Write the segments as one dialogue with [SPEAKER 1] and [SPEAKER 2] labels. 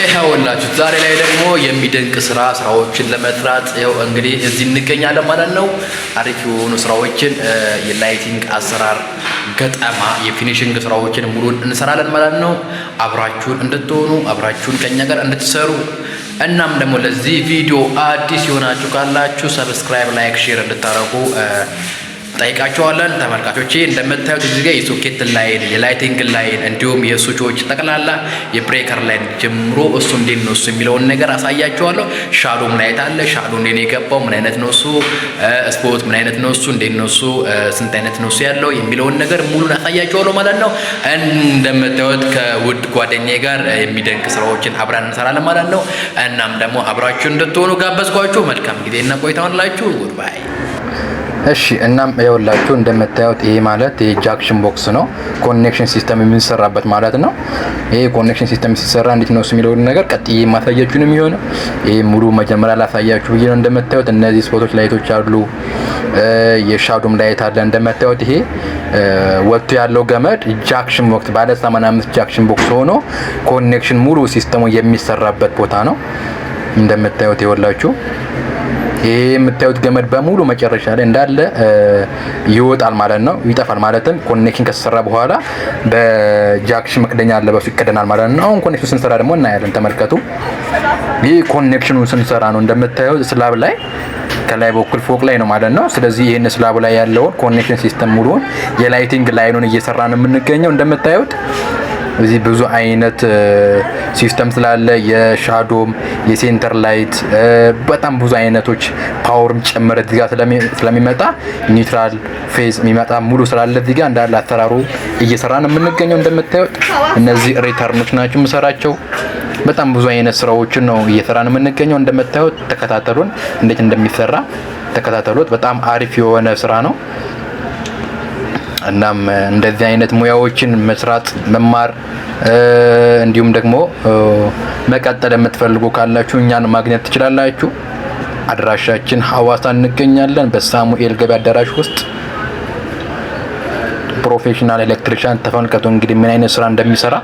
[SPEAKER 1] ይኸውላችሁ ዛሬ ላይ ደግሞ የሚደንቅ ስራ ስራዎችን ለመስራት ይኸው እንግዲህ እዚህ እንገኛለን ማለት ነው። አሪፍ የሆኑ ስራዎችን የላይቲንግ አሰራር፣ ገጠማ፣ የፊኒሽንግ ስራዎችን ሙሉን እንሰራለን ማለት ነው። አብራችሁን እንድትሆኑ አብራችሁን ከኛ ጋር እንድትሰሩ እናም ደግሞ ለዚህ ቪዲዮ አዲስ የሆናችሁ ካላችሁ ሰብስክራይብ፣ ላይክ፣ ሼር እንድታረጉ ጠይቃቸዋለን። ተመልካቾቼ እንደምታዩት እዚህ ጋር የሶኬት ላይን፣ የላይቲንግ ላይን እንዲሁም የሱቾች ጠቅላላ የብሬከር ላይን ጀምሮ እሱ እንዴት ነው እሱ የሚለውን ነገር አሳያቸዋለሁ። ሻዶም ላይት አለ። ሻዶ እንዴት ነው የገባው? ምን አይነት ነው እሱ? ስፖርት ምን አይነት ነው እሱ? እንዴት ነው እሱ? ስንት አይነት ነው እሱ ያለው የሚለውን ነገር ሙሉን አሳያችኋለሁ ማለት ነው። እንደምታዩት ከውድ ጓደኛዬ ጋር የሚደንቅ ስራዎችን አብረን እንሰራለን ማለት ነው። እናም ደግሞ አብራችሁ እንድትሆኑ ጋበዝኳችሁ። መልካም ጊዜና ቆይታ ሆንላችሁ። ጉድባይ እሺ እናም የወላችሁ እንደምታዩት ይሄ ማለት ይሄ ጃክሽን ቦክስ ነው፣ ኮኔክሽን ሲስተም የሚሰራበት ማለት ነው። ይሄ ኮኔክሽን ሲስተም ሲሰራ እንዴት ነው የሚለው ነገር ቀጥዬ ማሳያችሁ ነው የሚሆነው። ይሄ ሙሉ መጀመሪያ ላሳያችሁ ብዬ ነው። እንደምታዩት እነዚህ ስፖቶች ላይቶች አሉ፣ የሻዶም ላይት አለ። እንደምታዩት ይሄ ወጥቶ ያለው ገመድ ጃክሽን ቦክስ ባለ 85 ጃክሽን ቦክስ ሆኖ ኮኔክሽን ሙሉ ሲስተሙ የሚሰራበት ቦታ ነው። እንደምታዩት የወላችሁ ይሄ የምታዩት ገመድ በሙሉ መጨረሻ ላይ እንዳለ ይወጣል ማለት ነው፣ ይጠፋል። ማለትም ኮኔክሽን ከተሰራ በኋላ በጃክሽ መክደኛ አለ፣ በሱ ይከደናል ማለት ነው። አሁን ኮኔክሽን ስንሰራ ደግሞ እናያለን። ተመልከቱ። ይህ ኮኔክሽኑ ስንሰራ ነው እንደምታዩት ስላብ ላይ ከላይ በኩል ፎቅ ላይ ነው ማለት ነው። ስለዚህ ይህን ስላቡ ላይ ያለውን ኮኔክሽን ሲስተም ሙሉውን የላይቲንግ ላይኑን እየሰራ ነው የምንገኘው እንደምታዩት እዚህ ብዙ አይነት ሲስተም ስላለ የሻዶም የሴንተር ላይት በጣም ብዙ አይነቶች ፓወርም ጨመረ እዚህ ስለሚመጣ ኒውትራል ፌዝ የሚመጣ ሙሉ ስላለ እዚህ እንዳለ አሰራሩ እየሰራ ነው የምንገኘው። እንደምታዩት እነዚህ ሪተርኖች ናቸው የምሰራቸው። በጣም ብዙ አይነት ስራዎችን ነው እየሰራ ነው የምንገኘው። እንደምታዩት ተከታተሉን፣ እንዴት እንደሚሰራ ተከታተሉት። በጣም አሪፍ የሆነ ስራ ነው። እናም እንደዚህ አይነት ሙያዎችን መስራት መማር እንዲሁም ደግሞ መቀጠል የምትፈልጉ ካላችሁ እኛን ማግኘት ትችላላችሁ። አድራሻችን ሀዋሳ እንገኛለን፣ በሳሙኤል ገበያ አዳራሽ ውስጥ ፕሮፌሽናል ኤሌክትሪሻን ተፈንቀቱ እንግዲህ ምን አይነት ስራ እንደሚሰራ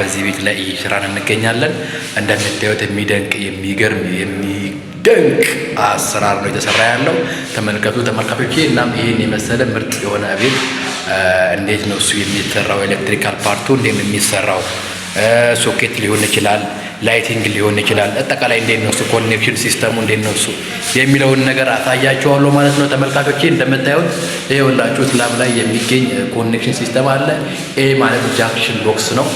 [SPEAKER 1] በዚህ ቤት ላይ እየሰራን እንገኛለን። እንደምታዩት የሚደንቅ የሚገርም የሚ ድንቅ አሰራር ነው የተሰራ ያለው። ተመልከቱ ተመልካቾች። እናም ይህን የመሰለ ምርጥ የሆነ ቤት እንዴት ነው እሱ የሚሰራው? ኤሌክትሪካል ፓርቱ እንዴት ነው የሚሰራው? ሶኬት ሊሆን ይችላል፣ ላይቲንግ ሊሆን ይችላል። አጠቃላይ እንዴት ነው እሱ ኮኔክሽን ሲስተሙ እንዴት ነው እሱ የሚለውን ነገር አሳያችኋለሁ ማለት ነው ተመልካቾች እንደምታዩት ይኸውላችሁ ስላም ላይ የሚገኝ ኮኔክሽን ሲስተም አለ። ኤ ማለት ጃክሽን ቦክስ ነው።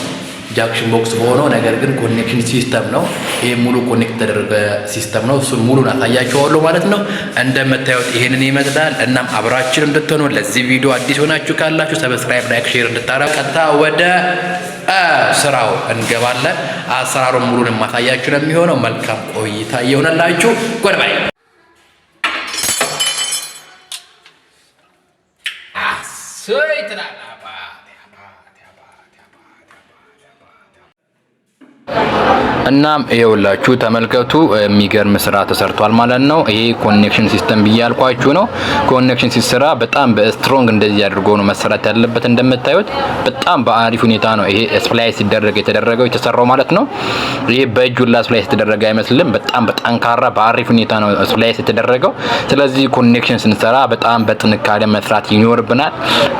[SPEAKER 1] ጃክሽን ቦክስ በሆነው ነገር ግን ኮኔክሽን ሲስተም ነው። ይሄ ሙሉ ኮኔክት ተደረገ ሲስተም ነው። እሱን ሙሉን አሳያችኋለሁ ማለት ነው። እንደምታዩት ይሄንን ይመስላል። እናም አብራችን እንድትሆኑ ለዚህ ቪዲዮ አዲስ ሆናችሁ ካላችሁ ሰብስክራይብ፣ ላይክ፣ ሼር እንድታረጉ ቀጥታ ወደ ስራው እንገባለን። አሰራሩን ሙሉን የማሳያችሁ ነው የሚሆነው። መልካም ቆይታ የሆነላችሁ ጎድባይ እናም ይኸውላችሁ ተመልከቱ፣ የሚገርም ስራ ተሰርቷል ማለት ነው። ይሄ ኮኔክሽን ሲስተም ብያልኳችሁ ነው። ኮኔክሽን ሲሰራ በጣም በስትሮንግ እንደዚህ አድርጎ ነው መሰራት ያለበት። እንደምታዩት በጣም በአሪፍ ሁኔታ ነው ይሄ ስፕላይስ ሲደረግ የተደረገው የተሰራው ማለት ነው። ይሄ በእጅ ስፕላይስ ስፕላይ የተደረገ አይመስልም። በጣም በጠንካራ በአሪፍ ሁኔታ ነው ስፕላይስ የተደረገው። ስለዚህ ኮኔክሽን ስንሰራ በጣም በጥንካሬ መስራት ይኖርብናል።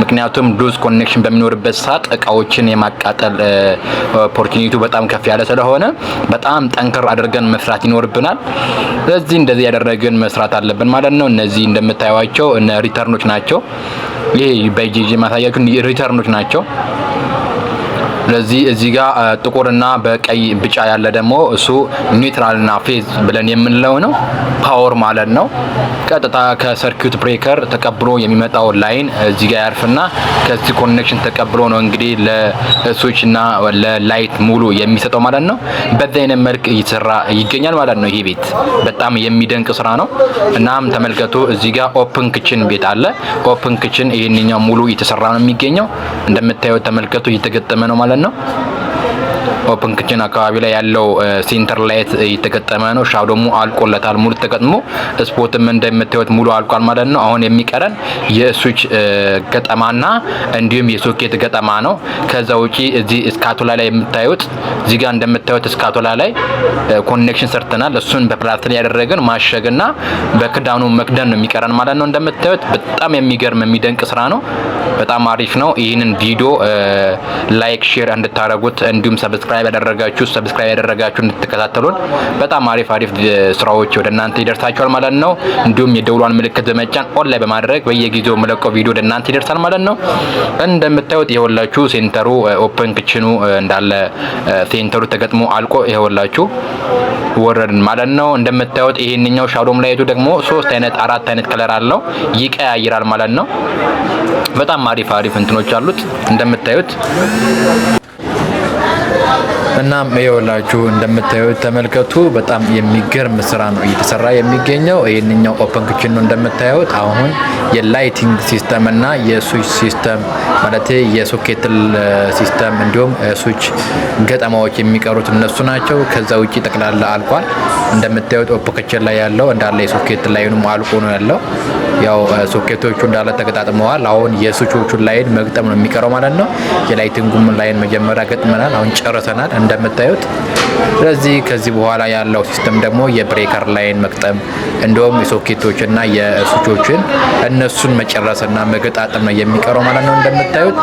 [SPEAKER 1] ምክንያቱም ሉዝ ኮኔክሽን በሚኖርበት ሰዓት እቃዎችን የማቃጠል ኦፖርቹኒቲው በጣም ከፍ ያለ ስለሆነ በጣም ጠንከር አድርገን መስራት ይኖርብናል። ስለዚህ እንደዚህ ያደረግን መስራት አለብን ማለት ነው። እነዚህ እንደምታዩቸው ሪተርኖች ናቸው። ይሄ በጂጂ ማሳያችሁ ሪተርኖች ናቸው። ስለዚህ እዚህ ጋር ጥቁርና በቀይ ቢጫ ያለ ደግሞ እሱ ኒውትራልና ፌዝ ብለን የምንለው ነው። ፓወር ማለት ነው። ቀጥታ ከሰርኪዩት ብሬከር ተቀብሎ የሚመጣው ላይን እዚህ ጋር ያርፍና ከዚህ ኮኔክሽን ተቀብሎ ነው እንግዲህ ለስዊችና ለላይት ሙሉ የሚሰጠው ማለት ነው። በዚህ አይነት መልክ እየተሰራ ይገኛል ማለት ነው። ይሄ ቤት በጣም የሚደንቅ ስራ ነው። እናም ተመልከቱ፣ እዚህ ጋር ኦፕን ክችን ቤት አለ። ኦፕን ክችን ይሄንኛው ሙሉ እየተሰራ ነው የሚገኘው። እንደምታዩት ተመልከቱ፣ እየተገጠመ ነው ማለት ነው። ማለት ነው። ኦፕን ክችን አካባቢ ላይ ያለው ሴንተር ላይት እየተገጠመ ነው። ሻው ደግሞ አልቆለታል ሙሉ ተገጥሞ፣ ስፖትም እንደምታዩት ሙሉ አልቋል ማለት ነው። አሁን የሚቀረን የስዊች ገጠማና እንዲሁም የሶኬት ገጠማ ነው። ከዛ ውጪ እዚህ እስካቱላ ላይ የምታዩት እዚህ ጋር እንደምታዩት እስካቱላ ላይ ኮኔክሽን ሰርተናል። እሱን በፕላስተር ያደረግን ማሸግና በክዳኑ መክደን ነው የሚቀረን ማለት ነው። እንደምታዩት በጣም የሚገርም የሚደንቅ ስራ ነው። በጣም አሪፍ ነው። ይህንን ቪዲዮ ላይክ ሼር እንድታደርጉት እንዲሁም ሰብስክራ ሰብስክራይብ ያደረጋችሁ ሰብስክራይብ ያደረጋችሁ እንድትከታተሉን በጣም አሪፍ አሪፍ ስራዎች ወደ እናንተ ይደርሳችኋል ማለት ነው። እንዲሁም የደውሏን ምልክት በመጫን ኦንላይን በማድረግ በየጊዜው መለቀው ቪዲዮ ወደ እናንተ ይደርሳል ማለት ነው። እንደምታዩት ይኸውላችሁ ሴንተሩ ኦፕን ክችኑ እንዳለ ሴንተሩ ተገጥሞ አልቆ ይኸውላችሁ ወረድን ማለት ነው። እንደምታዩት ይሄንኛው ሻዶም ላይቱ ደግሞ ሶስት አይነት አራት አይነት ከለር አለው ይቀያይራል ማለት ነው። በጣም አሪፍ አሪፍ እንትኖች አሉት እንደምታዩት Thank you. እናም ይኸውላችሁ እንደምታዩት ተመልከቱ። በጣም የሚገርም ስራ ነው እየተሰራ የሚገኘው። ይህንኛው ኦፐን ክችን ነው እንደምታዩት። አሁን የላይቲንግ ሲስተም እና የሱች ሲስተም ማለት የሶኬትል ሲስተም እንዲሁም ሱች ገጠማዎች የሚቀሩት እነሱ ናቸው። ከዛ ውጭ ጠቅላላ አልቋል። እንደምታዩት ኦፐን ክችን ላይ ያለው እንዳለ የሶኬት ላይኑም አልቆ ነው ያለው። ያው ሶኬቶቹ እንዳለ ተገጣጥመዋል። አሁን የሱቾቹን ላይን መግጠም ነው የሚቀረው ማለት ነው። የላይቲንጉም ላይን መጀመሪያ ገጥመናል። አሁን ጨርሰናል። እንደምታዩት። ስለዚህ ከዚህ በኋላ ያለው ሲስተም ደግሞ የብሬከር ላይን መቅጠም እንዲሁም የሶኬቶችና የሱቾችን እነሱን መጨረስና መገጣጠም ነው የሚቀረው ማለት ነው። እንደምታዩት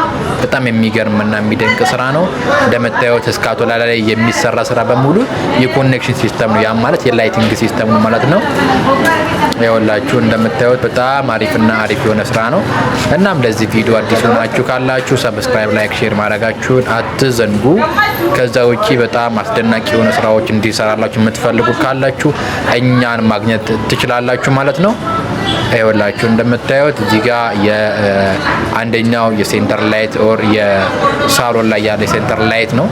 [SPEAKER 1] በጣም የሚገርምና የሚደንቅ ስራ ነው። እንደምታዩት እስካቶላ ላይ የሚሰራ ስራ በሙሉ የኮኔክሽን ሲስተም ነው። ያ ማለት የላይቲንግ ሲስተም ነው ማለት ነው። ያወላችሁ እንደምታዩት በጣም አሪፍና አሪፍ የሆነ ስራ ነው። እናም ለዚህ ቪዲዮ አዲስ ሆናችሁ ካላችሁ ሰብስክራይብ፣ ላይክ፣ ሼር ማድረጋችሁን አትዘንጉ። ከዛ ውጪ በጣም አስደናቂ የሆነ ስራዎች እንዲሰራላችሁ የምትፈልጉ ካላችሁ እኛን ማግኘት ትችላላችሁ ማለት ነው። ይኸውላችሁ እንደምታዩት እዚህ ጋ የአንደኛው የሴንተር ላይት ኦር የሳሎን ላይ ያለ ሴንተር ላይት ነው።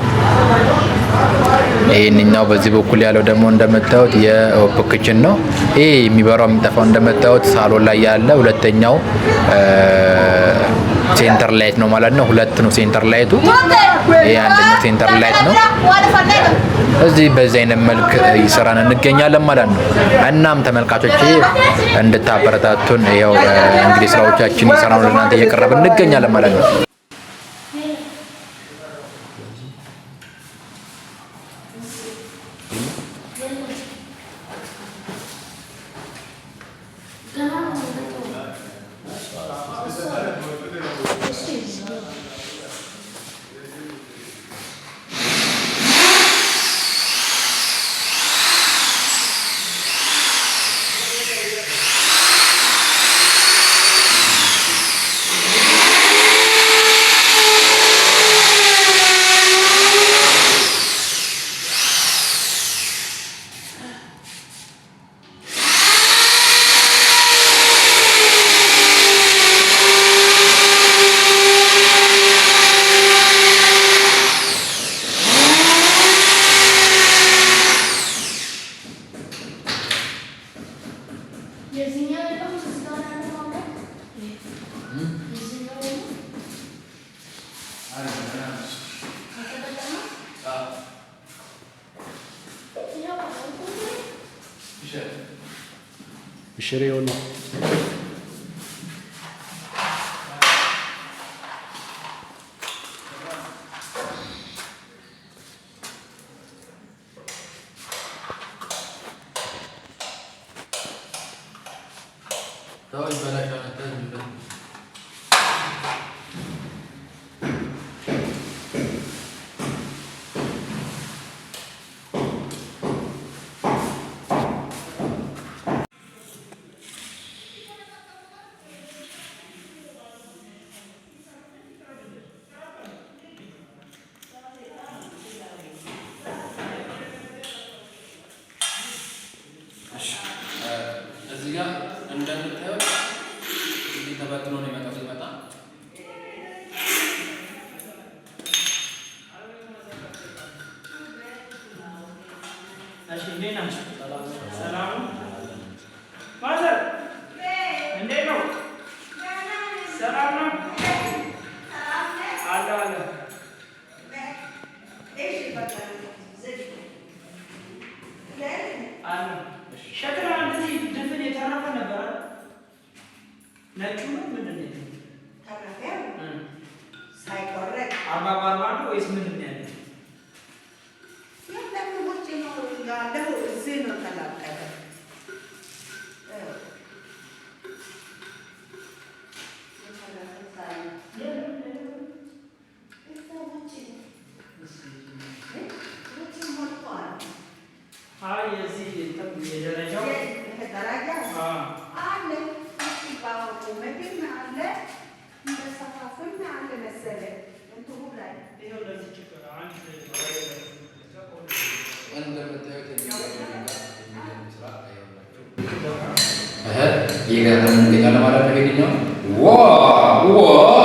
[SPEAKER 1] ይህንኛው በዚህ በኩል ያለው ደግሞ እንደምታዩት የኦፕ ክችን ነው። ይህ የሚበራው የሚጠፋው እንደምታዩት ሳሎን ላይ ያለ ሁለተኛው ሴንተር ላይት ነው ማለት ነው። ሁለት ነው ሴንተር ላይቱ፣ ይህ አንደኛው ሴንተር ላይት ነው። እዚህ በዚህ አይነት መልክ ይሰራን እንገኛለን ማለት ነው። እናም ተመልካቾች እንድታበረታቱን ያው እንግዲህ ስራዎቻችን እየሰራን ለእናንተ እየቀረብ እንገኛለን ማለት ነው። Thank you. Sereno. Sereno. Jika kamu mendengar nama Tuhan kita, ¡Wow! ¡Wow!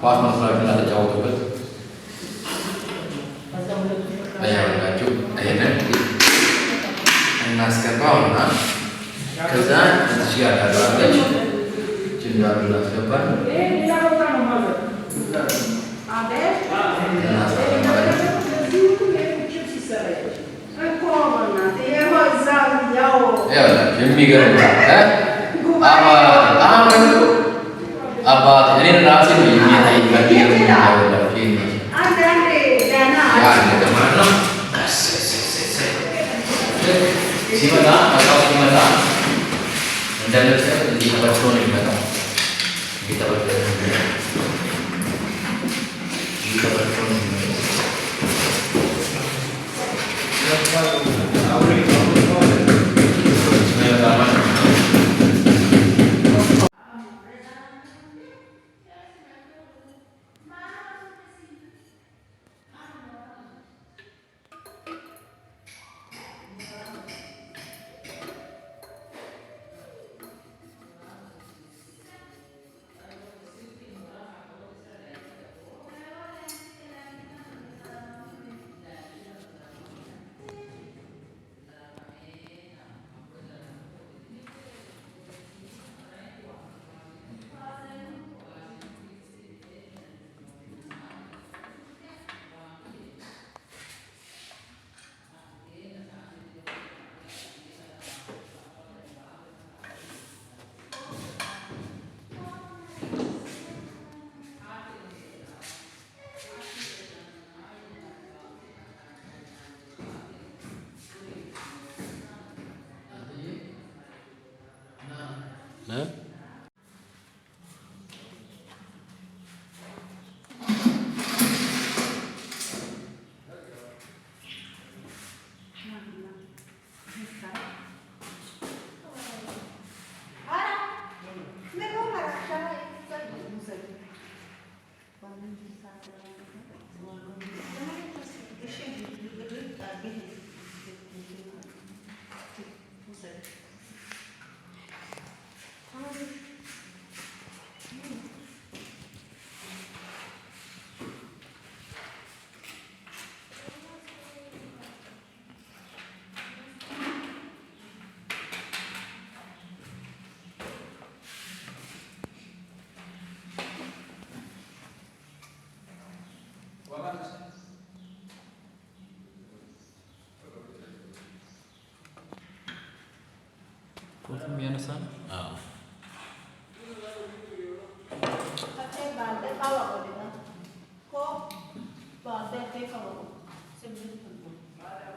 [SPEAKER 1] ኳስ መስራት እንዳልተጫወቱበት እያወጋችሁ ይሄንን እናስገባው እና ከዛ እዚህ ጋር ታደርጋለች ጅንዳሉ እናስገባል የሚገርም አባት እኔን ራሴ ነው la Bana Koltuğum yanı sana. Aa. Ko, bahsettiği kalalım. Şimdi tutun.